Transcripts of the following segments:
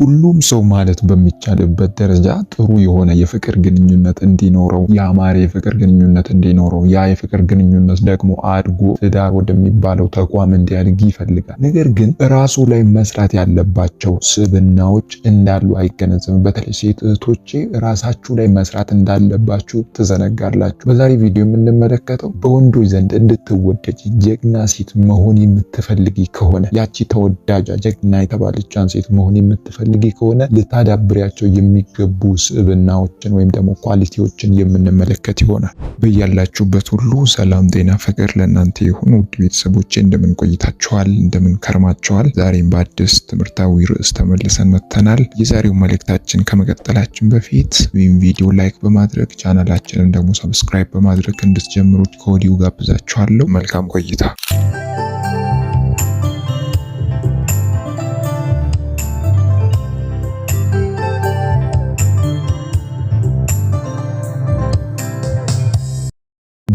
ሁሉም ሰው ማለት በሚቻልበት ደረጃ ጥሩ የሆነ የፍቅር ግንኙነት እንዲኖረው ያማረ የፍቅር ግንኙነት እንዲኖረው ያ የፍቅር ግንኙነት ደግሞ አድጎ ትዳር ወደሚባለው ተቋም እንዲያድግ ይፈልጋል። ነገር ግን ራሱ ላይ መስራት ያለባቸው ስብናዎች እንዳሉ አይገነዘብም። በተለይ ሴት እህቶቼ ራሳችሁ ላይ መስራት እንዳለባችሁ ትዘነጋላችሁ። በዛሬ ቪዲዮ የምንመለከተው በወንዶች ዘንድ እንድትወደጅ ጀግና ሴት መሆን የምትፈልጊ ከሆነ ያቺ ተወዳጃ ጀግና የተባለቻን ሴት መሆን የምትፈልጊ የምትፈልጊ ከሆነ ልታዳብሪያቸው የሚገቡ ስዕብናዎችን ወይም ደግሞ ኳሊቲዎችን የምንመለከት ይሆናል። በያላችሁበት ሁሉ ሰላም፣ ጤና፣ ፍቅር ለእናንተ የሆኑ ውድ ቤተሰቦቼ እንደምን ቆይታችኋል? እንደምን ከርማችኋል? ዛሬም በአዲስ ትምህርታዊ ርዕስ ተመልሰን መጥተናል። የዛሬው መልእክታችን ከመቀጠላችን በፊት ወይም ቪዲዮ ላይክ በማድረግ ቻናላችንን ደግሞ ሰብስክራይብ በማድረግ እንድትጀምሩት ከወዲሁ ጋብዛችኋለሁ። መልካም ቆይታ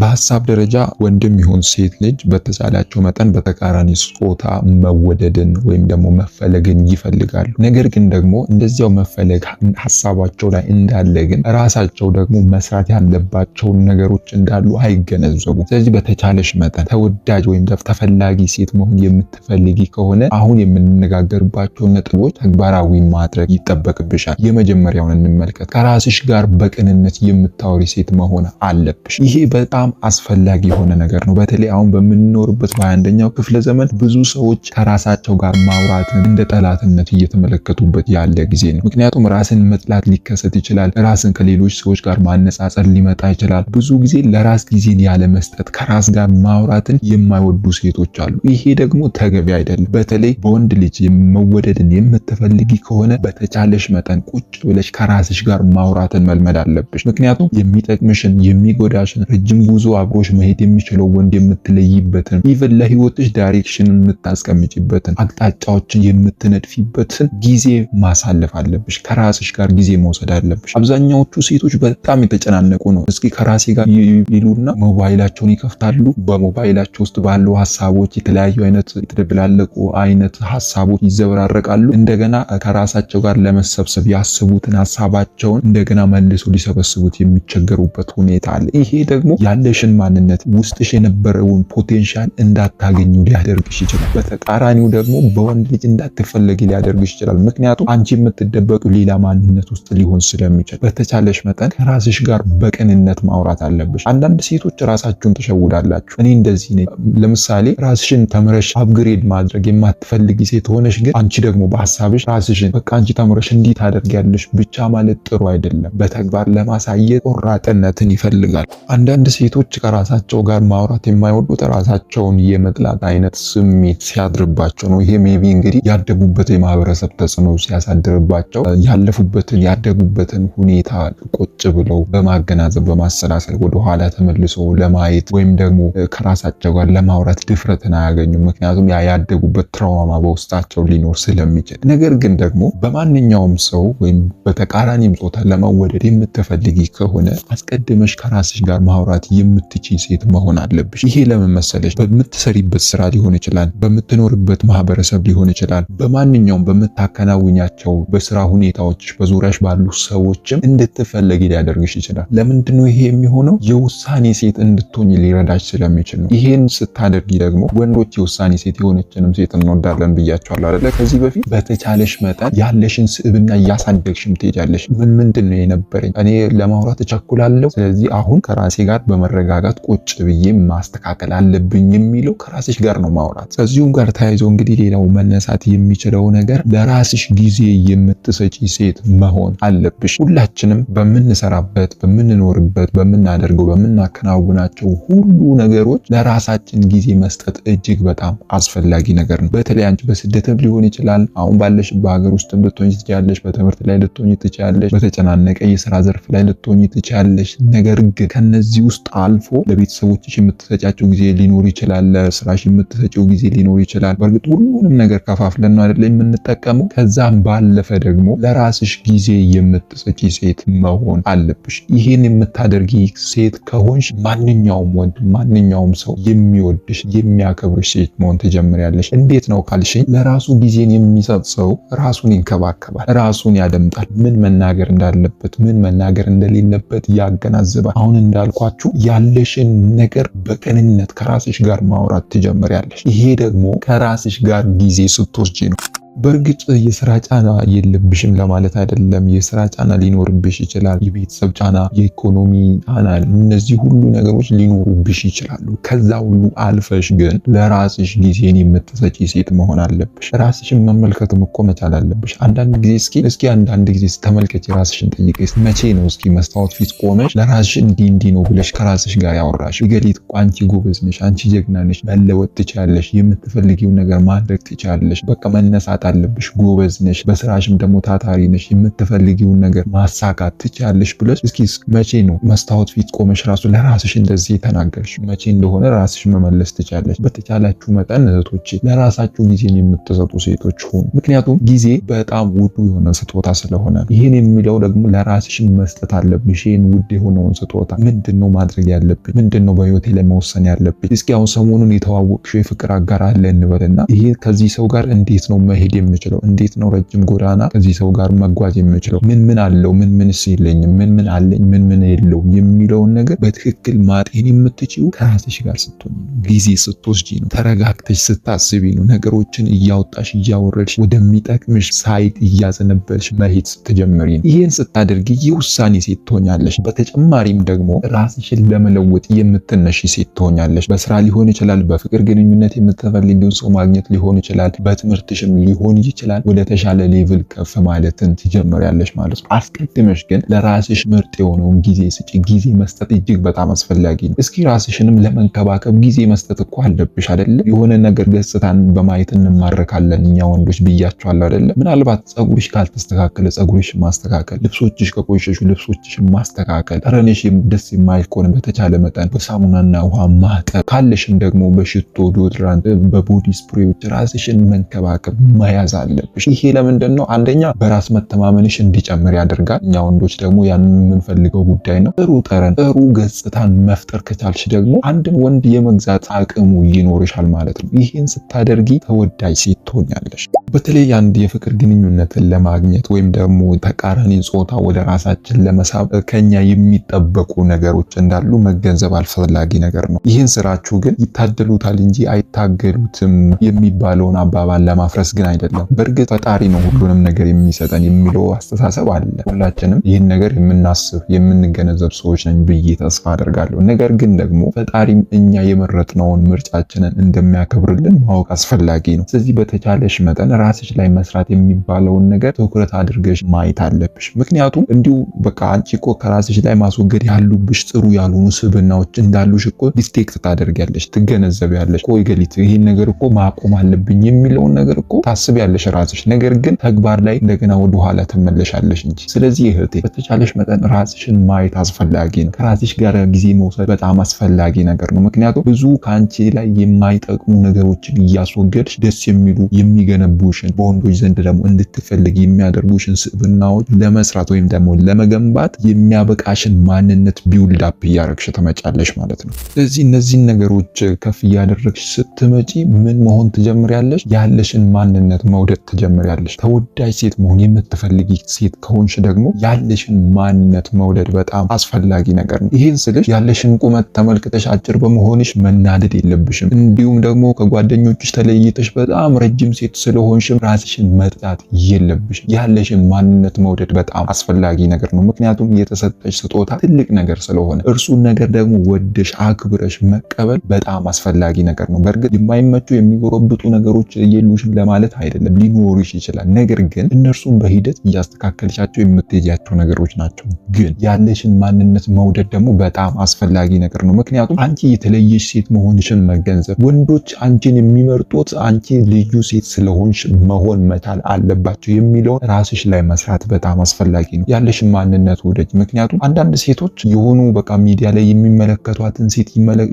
በሀሳብ ደረጃ ወንድም ይሁን ሴት ልጅ በተቻላቸው መጠን በተቃራኒ ጾታ መወደድን ወይም ደግሞ መፈለግን ይፈልጋሉ። ነገር ግን ደግሞ እንደዚያው መፈለግ ሀሳባቸው ላይ እንዳለ ግን ራሳቸው ደግሞ መስራት ያለባቸውን ነገሮች እንዳሉ አይገነዘቡም። ስለዚህ በተቻለሽ መጠን ተወዳጅ ወይም ተፈላጊ ሴት መሆን የምትፈልጊ ከሆነ አሁን የምንነጋገርባቸውን ነጥቦች ተግባራዊ ማድረግ ይጠበቅብሻል። የመጀመሪያውን እንመልከት። ከራስሽ ጋር በቅንነት የምታወሪ ሴት መሆን አለብሽ። ይሄ በጣም በጣም አስፈላጊ የሆነ ነገር ነው። በተለይ አሁን በምንኖርበት በአንደኛው ክፍለ ዘመን ብዙ ሰዎች ከራሳቸው ጋር ማውራትን እንደ ጠላትነት እየተመለከቱበት ያለ ጊዜ ነው። ምክንያቱም ራስን መጥላት ሊከሰት ይችላል። ራስን ከሌሎች ሰዎች ጋር ማነጻጸር ሊመጣ ይችላል። ብዙ ጊዜ ለራስ ጊዜን ያለ መስጠት ከራስ ጋር ማውራትን የማይወዱ ሴቶች አሉ። ይሄ ደግሞ ተገቢ አይደለም። በተለይ በወንድ ልጅ መወደድን የምትፈልጊ ከሆነ በተቻለሽ መጠን ቁጭ ብለሽ ከራስሽ ጋር ማውራትን መልመድ አለብሽ። ምክንያቱም የሚጠቅምሽን የሚጎዳሽን ረጅም ጉዞ አብሮሽ መሄድ የሚችለው ወንድ የምትለይበትን ኢቨን ለህይወትሽ ዳይሬክሽን የምታስቀምጭበትን አቅጣጫዎችን የምትነድፊበትን ጊዜ ማሳለፍ አለብሽ። ከራስሽ ጋር ጊዜ መውሰድ አለብሽ። አብዛኛዎቹ ሴቶች በጣም የተጨናነቁ ነው። እስኪ ከራሴ ጋር ይሉና ሞባይላቸውን ይከፍታሉ። በሞባይላቸው ውስጥ ባለው ሀሳቦች የተለያዩ አይነት የተደብላለቁ አይነት ሀሳቦች ይዘበራረቃሉ። እንደገና ከራሳቸው ጋር ለመሰብሰብ ያስቡትን ሀሳባቸውን እንደገና መልሶ ሊሰበስቡት የሚቸገሩበት ሁኔታ አለ። ይሄ ደግሞ ያለ ያለሽን ማንነት ውስጥሽ የነበረውን ፖቴንሻል እንዳታገኙ ሊያደርግሽ ይችላል። በተቃራኒው ደግሞ በወንድ ልጅ እንዳትፈለጊ ሊያደርግሽ ይችላል። ምክንያቱም አንቺ የምትደበቅ ሌላ ማንነት ውስጥ ሊሆን ስለሚችል በተቻለሽ መጠን ከራስሽ ጋር በቅንነት ማውራት አለብሽ። አንዳንድ ሴቶች ራሳችሁን ተሸውዳላችሁ። እኔ እንደዚህ ነኝ። ለምሳሌ ራስሽን ተምረሽ አፕግሬድ ማድረግ የማትፈልጊ ሴት ሆነሽ ግን አንቺ ደግሞ በሀሳብሽ ራስሽን በቃ አንቺ ተምረሽ እንዲህ ታደርጊያለሽ ብቻ ማለት ጥሩ አይደለም። በተግባር ለማሳየት ቆራጥነትን ይፈልጋል። አንዳንድ ሴቶች ሴቶች ከራሳቸው ጋር ማውራት የማይወዱት ራሳቸውን የመጥላት አይነት ስሜት ሲያድርባቸው ነው። ይሄ ሜቢ እንግዲህ ያደጉበት የማህበረሰብ ተጽዕኖ ሲያሳድርባቸው ያለፉበትን ያደጉበትን ሁኔታ ቁጭ ብለው በማገናዘብ በማሰላሰል ወደኋላ ተመልሶ ለማየት ወይም ደግሞ ከራሳቸው ጋር ለማውራት ድፍረትን አያገኙም። ምክንያቱም ያ ያደጉበት ትራውማ በውስጣቸው ሊኖር ስለሚችል። ነገር ግን ደግሞ በማንኛውም ሰው ወይም በተቃራኒም ጾታ ለመወደድ የምትፈልጊ ከሆነ አስቀድመሽ ከራስሽ ጋር ማውራት የምትችኝ ሴት መሆን አለብሽ። ይሄ ለምን መሰለሽ? በምትሰሪበት ስራ ሊሆን ይችላል፣ በምትኖርበት ማህበረሰብ ሊሆን ይችላል፣ በማንኛውም በምታከናውኛቸው በስራ ሁኔታዎች፣ በዙሪያሽ ባሉ ሰዎችም እንድትፈለጊ ሊያደርግሽ ይችላል። ለምንድነው ይሄ የሚሆነው? የውሳኔ ሴት እንድትሆኝ ሊረዳሽ ስለሚችል ነው። ይሄን ስታደርጊ ደግሞ ወንዶች የውሳኔ ሴት የሆነችንም ሴት እንወዳለን ብያቸዋል አይደለ? ከዚህ በፊት በተቻለሽ መጠን ያለሽን ስዕብና እያሳደግሽም ትሄጃለሽ። ምን ምንድን ነው የነበረኝ እኔ ለማውራት እቸኩላለሁ፣ ስለዚህ አሁን ከራሴ ጋር በመ መረጋጋት፣ ቁጭ ብዬ ማስተካከል አለብኝ የሚለው ከራስሽ ጋር ነው ማውራት። ከዚሁም ጋር ተያይዞ እንግዲህ ሌላው መነሳት የሚችለው ነገር ለራስሽ ጊዜ የምትሰጪ ሴት መሆን አለብሽ። ሁላችንም በምንሰራበት፣ በምንኖርበት፣ በምናደርገው፣ በምናከናውናቸው ሁሉ ነገሮች ለራሳችን ጊዜ መስጠት እጅግ በጣም አስፈላጊ ነገር ነው። በተለይ አንቺ በስደትም ሊሆን ይችላል። አሁን ባለሽ በሀገር ውስጥም ልትሆኝ ትችያለሽ። በትምህርት ላይ ልትሆኝ ትችያለሽ። በተጨናነቀ የስራ ዘርፍ ላይ ልትሆኝ ትችያለሽ። ነገር ግን ከነዚህ ውስጥ አልፎ ለቤተሰቦችሽ የምትሰጫቸው ጊዜ ሊኖር ይችላል። ለስራሽ የምትሰጪው ጊዜ ሊኖር ይችላል። በእርግጥ ሁሉንም ነገር ከፋፍለን ነው አይደለ የምንጠቀመው። ከዛም ባለፈ ደግሞ ለራስሽ ጊዜ የምትሰጪ ሴት መሆን አለብሽ። ይህን የምታደርጊ ሴት ከሆንሽ ማንኛውም ወንድ ማንኛውም ሰው የሚወድሽ የሚያከብርሽ ሴት መሆን ትጀምሪያለሽ። እንዴት ነው ካልሽኝ ለራሱ ጊዜን የሚሰጥ ሰው ራሱን ይንከባከባል፣ ራሱን ያደምጣል፣ ምን መናገር እንዳለበት ምን መናገር እንደሌለበት ያገናዝባል። አሁን እንዳልኳችሁ ያለሽን ነገር በቅንነት ከራስሽ ጋር ማውራት ትጀምሪያለሽ። ይሄ ደግሞ ከራስሽ ጋር ጊዜ ስትወስጂ ነው። በእርግጥ የስራ ጫና የለብሽም ለማለት አይደለም። የስራ ጫና ሊኖርብሽ ይችላል። የቤተሰብ ጫና፣ የኢኮኖሚ ጫና፣ እነዚህ ሁሉ ነገሮች ሊኖሩብሽ ይችላሉ። ከዛ ሁሉ አልፈሽ ግን ለራስሽ ጊዜን የምትሰጪ ሴት መሆን አለብሽ። ራስሽን መመልከትም እኮ መቻል አለብሽ። አንዳንድ ጊዜ እስኪ እስኪ አንዳንድ ጊዜ ተመልከች፣ ራስሽን ጠይቀ። መቼ ነው እስኪ መስታወት ፊት ቆመሽ ለራስሽ እንዲ እንዲ ነው ብለሽ ከራስሽ ጋር ያወራሽ? ገሊት እኮ አንቺ ጎበዝ ነሽ፣ አንቺ ጀግና ነሽ፣ መለወጥ ትችላለሽ፣ የምትፈልጊውን ነገር ማድረግ ትችላለሽ፣ በቃ መነሳት መብቃት አለብሽ። ጎበዝ ነሽ፣ በስራሽም ደግሞ ታታሪ ነሽ፣ የምትፈልጊውን ነገር ማሳካት ትችያለሽ ብለሽ እስኪ መቼ ነው መስታወት ፊት ቆመሽ ራሱ ለራስሽ እንደዚህ የተናገርሽ? መቼ እንደሆነ ራስሽ መመለስ ትችያለሽ። በተቻላችሁ መጠን እህቶች ለራሳችሁ ጊዜን የምትሰጡ ሴቶች ሆኑ ምክንያቱም ጊዜ በጣም ውዱ የሆነ ስጦታ ስለሆነ ይህን የሚለው ደግሞ ለራስሽ መስጠት አለብሽ። ይህን ውድ የሆነውን ስጦታ ምንድን ነው ማድረግ ያለብኝ? ምንድን ነው በህይወቴ ለመወሰን ያለብኝ? እስኪ አሁን ሰሞኑን የተዋወቅሽው የፍቅር አጋር አለ እንበልና ይሄ ከዚህ ሰው ጋር እንዴት ነው መሄድ መሄድ የምችለው? እንዴት ነው ረጅም ጎዳና ከዚህ ሰው ጋር መጓዝ የምችለው? ምን ምን አለው? ምን ምንስ የለኝም? ምን ምን አለኝ? ምን ምን የለው? የሚለውን ነገር በትክክል ማጤን የምትችው ከራስሽ ጋር ስትሆኝ ነው፣ ጊዜ ስትወስጂ ነው፣ ተረጋግተሽ ስታስቢ ነው። ነገሮችን እያወጣሽ እያወረድሽ ወደሚጠቅምሽ ሳይድ እያዘነበልሽ መሄድ ስትጀምሪ ነው። ይህን ስታደርጊ የውሳኔ ሴት ትሆኛለሽ። በተጨማሪም ደግሞ ራስሽን ለመለወጥ የምትነሽ ሴት ትሆኛለሽ። በስራ ሊሆን ይችላል፣ በፍቅር ግንኙነት የምትፈልጊውን ሰው ማግኘት ሊሆን ይችላል፣ በትምህርትሽም ሊሆን ሊሆን ይችላል ወደ ተሻለ ሌቭል ከፍ ማለትን ትጀምሪያለሽ ማለት ነው። አስቀድመሽ ግን ለራስሽ ምርጥ የሆነውን ጊዜ ስጪ። ጊዜ መስጠት እጅግ በጣም አስፈላጊ ነው። እስኪ ራስሽንም ለመንከባከብ ጊዜ መስጠት እኮ አለብሽ አይደለም የሆነ ነገር ገጽታን በማየት እንማረካለን እኛ ወንዶች ብያቸዋለሁ አይደለ? ምናልባት ጸጉርሽ ካልተስተካከለ ጸጉርሽ ማስተካከል፣ ልብሶችሽ ከቆሸሹ ልብሶችሽ ማስተካከል፣ ጠረንሽ ደስ የማይል ከሆነ በተቻለ መጠን በሳሙናና ውሃ ማጠብ፣ ካለሽን ደግሞ በሽቶ ዶድራንት፣ በቦዲ ስፕሬዎች ራስሽን መንከባከብ መያዝ አለብሽ። ይሄ ለምንድን ነው? አንደኛ በራስ መተማመንሽ እንዲጨምር ያደርጋል። እኛ ወንዶች ደግሞ ያንን የምንፈልገው ጉዳይ ነው። ጥሩ ጠረን፣ ጥሩ ገጽታን መፍጠር ከቻልሽ ደግሞ አንድን ወንድ የመግዛት አቅሙ ይኖርሻል ማለት ነው። ይህን ስታደርጊ ተወዳጅ ሴት ትሆኛለሽ። በተለይ አንድ የፍቅር ግንኙነትን ለማግኘት ወይም ደግሞ ተቃራኒ ጾታ ወደ ራሳችን ለመሳብ ከኛ የሚጠበቁ ነገሮች እንዳሉ መገንዘብ አልፈላጊ ነገር ነው። ይህን ስራችሁ ግን ይታደሉታል እንጂ አይታገሉትም የሚባለውን አባባል ለማፍረስ ግን አይደለም። በእርግጥ ፈጣሪ ነው ሁሉንም ነገር የሚሰጠን የሚለው አስተሳሰብ አለ። ሁላችንም ይህን ነገር የምናስብ የምንገነዘብ ሰዎች ነኝ ብዬ ተስፋ አደርጋለሁ። ነገር ግን ደግሞ ፈጣሪም እኛ የመረጥነውን ምርጫችንን እንደሚያከብርልን ማወቅ አስፈላጊ ነው። ስለዚህ በተቻለሽ መጠን ራስሽ ላይ መስራት የሚባለውን ነገር ትኩረት አድርገሽ ማየት አለብሽ። ምክንያቱም እንዲሁ በቃ አንቺ እኮ ከራስሽ ላይ ማስወገድ ያሉብሽ ጥሩ ያልሆኑ ስብናዎች እንዳሉሽ እኮ ዲስቴክት ታደርጊያለሽ፣ ትገነዘቢያለሽ። እኮ ይገሊት ይህን ነገር እኮ ማቆም አለብኝ የሚለውን ነገር እኮ ታስብ ታስቢያለሽ ራስሽ፣ ነገር ግን ተግባር ላይ እንደገና ወደ ኋላ ትመለሻለሽ እንጂ። ስለዚህ እህቴ በተቻለሽ መጠን ራስሽን ማየት አስፈላጊ ነው። ከራስሽ ጋር ጊዜ መውሰድ በጣም አስፈላጊ ነገር ነው። ምክንያቱም ብዙ ከአንቺ ላይ የማይጠቅሙ ነገሮችን እያስወገድሽ ደስ የሚሉ የሚገነቡሽን፣ በወንዶች ዘንድ ደግሞ እንድትፈልግ የሚያደርጉሽን ስብናዎች ለመስራት ወይም ደግሞ ለመገንባት የሚያበቃሽን ማንነት ቢውልድ አፕ እያደረግሽ ትመጫለሽ ማለት ነው። ስለዚህ እነዚህን ነገሮች ከፍ እያደረግሽ ስትመጪ ምን መሆን ትጀምሪያለሽ? ያለሽን ማንነት በፍጥነት መውደድ ትጀምሪያለሽ። ተወዳጅ ሴት መሆን የምትፈልጊ ሴት ከሆንሽ ደግሞ ያለሽን ማንነት መውደድ በጣም አስፈላጊ ነገር ነው። ይህን ስልሽ ያለሽን ቁመት ተመልክተሽ አጭር በመሆንሽ መናደድ የለብሽም። እንዲሁም ደግሞ ከጓደኞችሽ ተለይተሽ በጣም ረጅም ሴት ስለሆንሽም ራስሽን መጥላት የለብሽም። ያለሽን ማንነት መውደድ በጣም አስፈላጊ ነገር ነው። ምክንያቱም የተሰጠሽ ስጦታ ትልቅ ነገር ስለሆነ እርሱን ነገር ደግሞ ወደሽ አክብረሽ መቀበል በጣም አስፈላጊ ነገር ነው። በእርግጥ የማይመቹ የሚጎረብጡ ነገሮች የሉሽም ለማለት አይደለም፣ ሊኖርሽ ይችላል። ነገር ግን እነርሱን በሂደት እያስተካከልሻቸው የምትሄጃቸው ነገሮች ናቸው። ግን ያለሽን ማንነት መውደድ ደግሞ በጣም አስፈላጊ ነገር ነው። ምክንያቱም አንቺ የተለየሽ ሴት መሆንሽን መገንዘብ፣ ወንዶች አንቺን የሚመርጡት አንቺ ልዩ ሴት ስለሆንሽ መሆን መቻል አለባቸው የሚለውን ራስሽ ላይ መስራት በጣም አስፈላጊ ነው። ያለሽን ማንነት ውደጅ። ምክንያቱም አንዳንድ ሴቶች የሆኑ በቃ ሚዲያ ላይ የሚመለከቷትን ሴት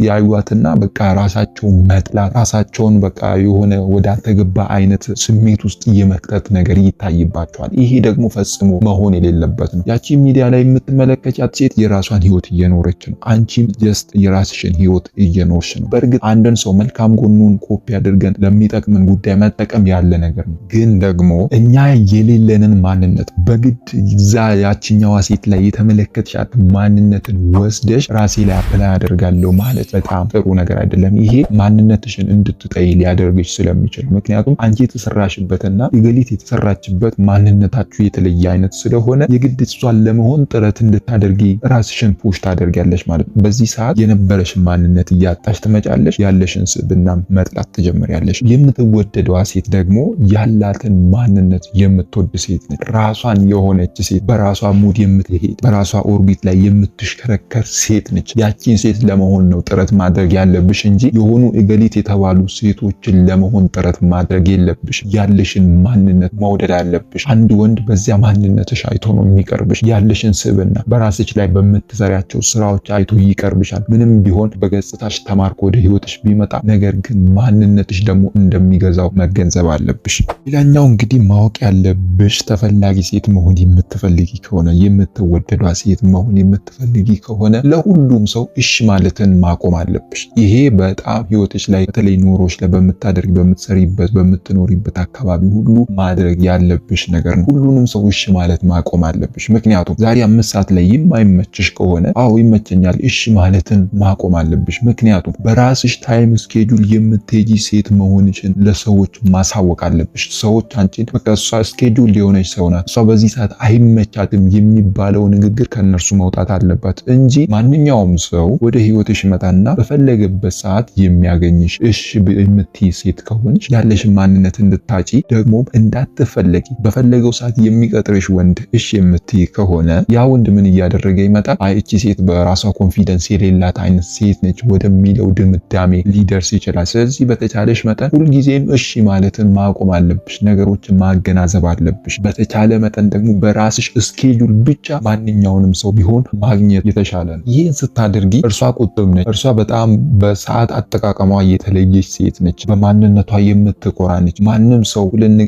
ያዩዋትና በቃ ራሳቸውን መጥላት ራሳቸውን በቃ የሆነ ወዳልተገባ አይነት ስሜት ውስጥ የመክተት ነገር ይታይባቸዋል። ይሄ ደግሞ ፈጽሞ መሆን የሌለበት ነው። ያቺ ሚዲያ ላይ የምትመለከቻት ሴት የራሷን ህይወት እየኖረች ነው። አንቺም ጀስት የራስሽን ህይወት እየኖርሽ ነው። በእርግጥ አንድን ሰው መልካም ጎኑን ኮፒ አድርገን ለሚጠቅምን ጉዳይ መጠቀም ያለ ነገር ነው። ግን ደግሞ እኛ የሌለንን ማንነት በግድ ዛ ያችኛዋ ሴት ላይ የተመለከትሻት ማንነትን ወስደሽ ራሴ ላይ አፕላይ አደርጋለሁ ማለት በጣም ጥሩ ነገር አይደለም። ይሄ ማንነትሽን እንድትጠይ ሊያደርግሽ ስለሚችል ምክንያቱም አንቺ የተሰራሽበትና የገሊት የተሰራችበት ማንነታችሁ የተለየ አይነት ስለሆነ የግድ እሷን ለመሆን ጥረት እንድታደርጊ ራስሽን ፑሽ ታደርጊያለሽ ማለት ነው። በዚህ ሰዓት የነበረሽን ማንነት እያጣሽ ትመጫለሽ። ያለሽን ስብና መጥላት ትጀምሪያለሽ። የምትወደደዋ ሴት ደግሞ ያላትን ማንነት የምትወድ ሴት ነች። ራሷን የሆነች ሴት፣ በራሷ ሙድ የምትሄድ በራሷ ኦርቢት ላይ የምትሽከረከር ሴት ነች። ያቺን ሴት ለመሆን ነው ጥረት ማድረግ ያለብሽ እንጂ የሆኑ እገሊት የተባሉ ሴቶችን ለመሆን ጥረት ማድረግ የለብሽ። አለብሽ። ያለሽን ማንነት መውደድ አለብሽ። አንድ ወንድ በዚያ ማንነትሽ አይቶ ነው የሚቀርብሽ። ያለሽን ስብና በራስሽ ላይ በምትሰሪያቸው ስራዎች አይቶ ይቀርብሻል። ምንም ቢሆን በገጽታሽ ተማርኮ ወደ ህይወትሽ ቢመጣ፣ ነገር ግን ማንነትሽ ደግሞ እንደሚገዛው መገንዘብ አለብሽ። ሌላኛው እንግዲህ ማወቅ ያለብሽ ተፈላጊ ሴት መሆን የምትፈልጊ ከሆነ የምትወደዷ ሴት መሆን የምትፈልጊ ከሆነ ለሁሉም ሰው እሽ ማለትን ማቆም አለብሽ። ይሄ በጣም ህይወትሽ ላይ በተለይ ኑሮች ላይ በምታደርግ በምትሰሪበት በምትኖሪበት ባለሽበት አካባቢ ሁሉ ማድረግ ያለብሽ ነገር ነው። ሁሉንም ሰው እሺ ማለት ማቆም አለብሽ። ምክንያቱም ዛሬ አምስት ሰዓት ላይ የማይመችሽ ከሆነ አዎ ይመቸኛል እሺ ማለትን ማቆም አለብሽ። ምክንያቱም በራስሽ ታይም ስኬጁል የምትሄጂ ሴት መሆንሽን ለሰዎች ማሳወቅ አለብሽ። ሰዎች አንቺን በቃ እሷ ስኬጁል የሆነች ሰው ናት፣ እሷ በዚህ ሰዓት አይመቻትም የሚባለው ንግግር ከእነርሱ መውጣት አለባት እንጂ ማንኛውም ሰው ወደ ህይወትሽ ይመጣና በፈለገበት ሰዓት የሚያገኝሽ እሺ የምትይ ሴት ከሆንሽ ያለሽን ማንነት እንድታጪ ደግሞም እንዳትፈለጊ በፈለገው ሰዓት የሚቀጥርሽ ወንድ እሺ የምትይ ከሆነ ያ ወንድ ምን እያደረገ ይመጣል? አይ እቺ ሴት በራሷ ኮንፊደንስ የሌላት አይነት ሴት ነች ወደሚለው ድምዳሜ ሊደርስ ይችላል። ስለዚህ በተቻለሽ መጠን ሁልጊዜም እሺ ማለትን ማቆም አለብሽ። ነገሮችን ማገናዘብ አለብሽ። በተቻለ መጠን ደግሞ በራስሽ እስኬጁል ብቻ ማንኛውንም ሰው ቢሆን ማግኘት የተሻለ ነው። ይህን ስታደርጊ እርሷ ቁጥብ ነች። እርሷ በጣም በሰዓት አጠቃቀሟ የተለየች ሴት ነች። በማንነቷ የምትኮራ ነች። ማንም ሰው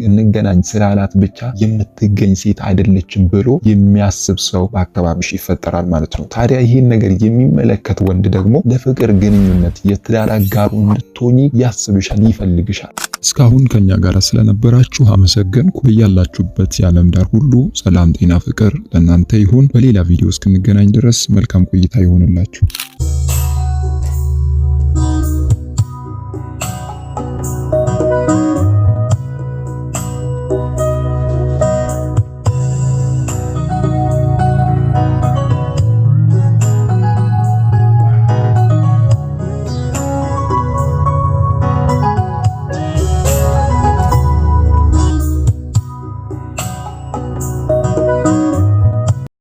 እንገናኝ ስላላት ብቻ የምትገኝ ሴት አይደለችም ብሎ የሚያስብ ሰው በአካባቢሽ ይፈጠራል ማለት ነው። ታዲያ ይህን ነገር የሚመለከት ወንድ ደግሞ ለፍቅር ግንኙነት የትዳር አጋሩ እንድትሆኚ ያስብሻል፣ ይፈልግሻል። እስካሁን ከኛ ጋር ስለነበራችሁ አመሰገንኩ። በያላችሁበት የዓለም ዳር ሁሉ ሰላም፣ ጤና፣ ፍቅር ለእናንተ ይሁን። በሌላ ቪዲዮ እስክንገናኝ ድረስ መልካም ቆይታ ይሆንላችሁ።